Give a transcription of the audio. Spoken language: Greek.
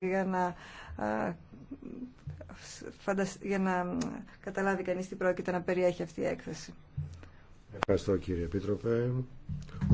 για να, για να καταλάβει κανείς τι πρόκειται να περιέχει αυτή η έκθεση. Ευχαριστώ κύριε Επίτροπε.